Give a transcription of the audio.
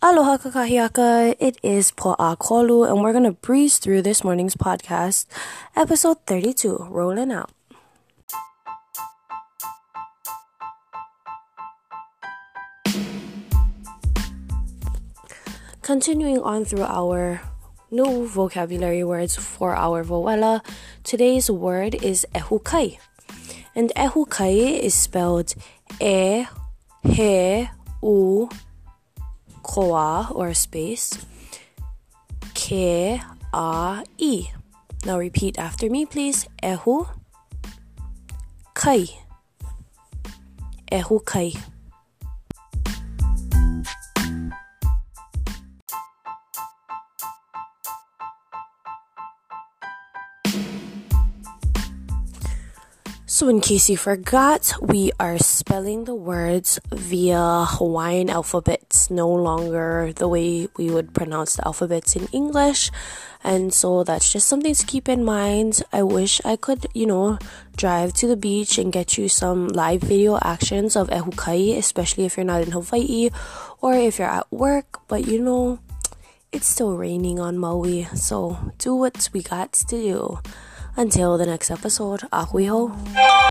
Aloha kakahiaka, it is Kolu, and we're gonna breeze through this morning's podcast, episode 32, rolling out. Continuing on through our new vocabulary words for our voela, today's word is ehukai. And ehukai is spelled e he koa or space space a i Now repeat after me, please. Ehu kai. Ehu kai. Also, in case you forgot, we are spelling the words via Hawaiian alphabets, no longer the way we would pronounce the alphabets in English. And so that's just something to keep in mind. I wish I could, you know, drive to the beach and get you some live video actions of Ehukai, especially if you're not in Hawaii or if you're at work, but you know, it's still raining on Maui, so do what we got to do. Until the next episode, ahuiho.